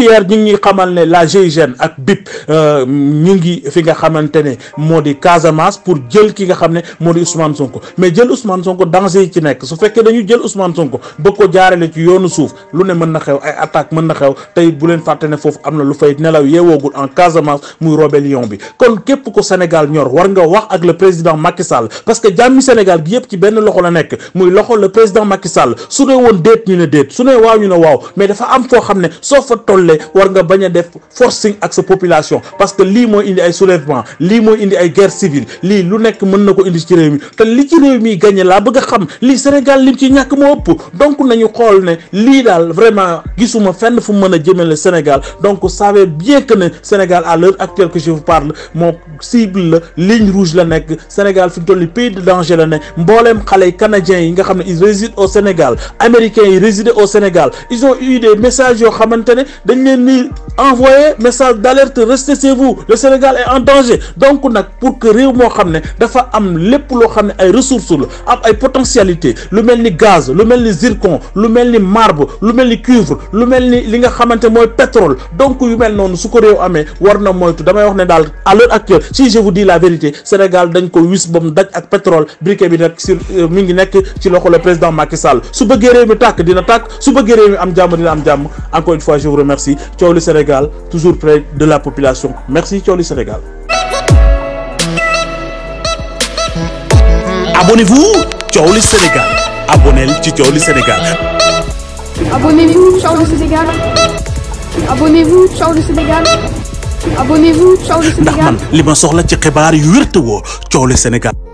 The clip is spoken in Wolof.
hier ngi xamal ne la GIGN ak BIP euh, ñi ngi fi nga xamante ne Casamance pour jël ki nga xam modi Ousmane Sonko mais jël Ousmane Sonko danger ci nek su fekkee dañu jël Ousmane Sonko bëgg ko jaarale ci yoonu suuf lu ne mëna xew ay attaque mëna xew tay bu len fàtte fofu amna lu fay nelaw yeewoogul en Casamance muy rebellion bi kon képp ko Sénégal ñor war nga wax ak le président Macky Sall parce que jàmmi Sénégal bi yëpp ci benn loxo la nek muy loxo le président Macky Sall su ne dette déet ñu ne déet su ne waaw ñu ne waaw mais dafa am fo xam ne fa toll doole war nga baña def forcing ak sa population parce que li il indi ay soulèvement li il indi ay guerre civile li lu nek mën nako indi ci réew mi te li ci réew mi gagné la bëgg a xam li Sénégal lim ci ñàkk mo ëpp donc nañu xol ne li dal vraiment gisuma fenn fu mëna a le Sénégal donc savez bien que né Sénégal à l'heure actuelle que je vous parle mon cible la ligne rouge la nek Sénégal fi tolli pays de danger la né mbooleem xalé canadiens yi nga ils résident au Sénégal américain yi résident au Sénégal ils ont eu des messages yo xamantene dañ leen ni envoyez message d'alerte restez chez vous le Sénégal est en danger donc nak pour que rew mo xamné dafa am lepp lo xamné ay ressources la am ay potentialité lu melni gaz lu melni zircon lu melni marbre lu melni cuivre lu melni li nga xamanté moy pétrole donc yu mel non su ko rew amé warna moytu dama wax né dal à l'heure actuelle si je vous dis la vérité Sénégal dañ ko wiss bam daj ak pétrole briquet bi nak sur euh, mi ngi nekk ci loxo le président Macky Sall su bëggee rew mi tak dina tak su bëggee rew mi am jamm dina am jamm encore une fois je vous remercie coow le Sénégal Sénégal, toujours près de la population. Merci Thioli Sénégal. Abonnez-vous Thioli Sénégal. Abonnez-vous Thioli Sénégal. Abonnez-vous Thioli Sénégal. Abonnez-vous Thioli Sénégal. Abonnez-vous Thioli Sénégal. ndax man li ma soxla ci xibaar yu wér te Sénégal.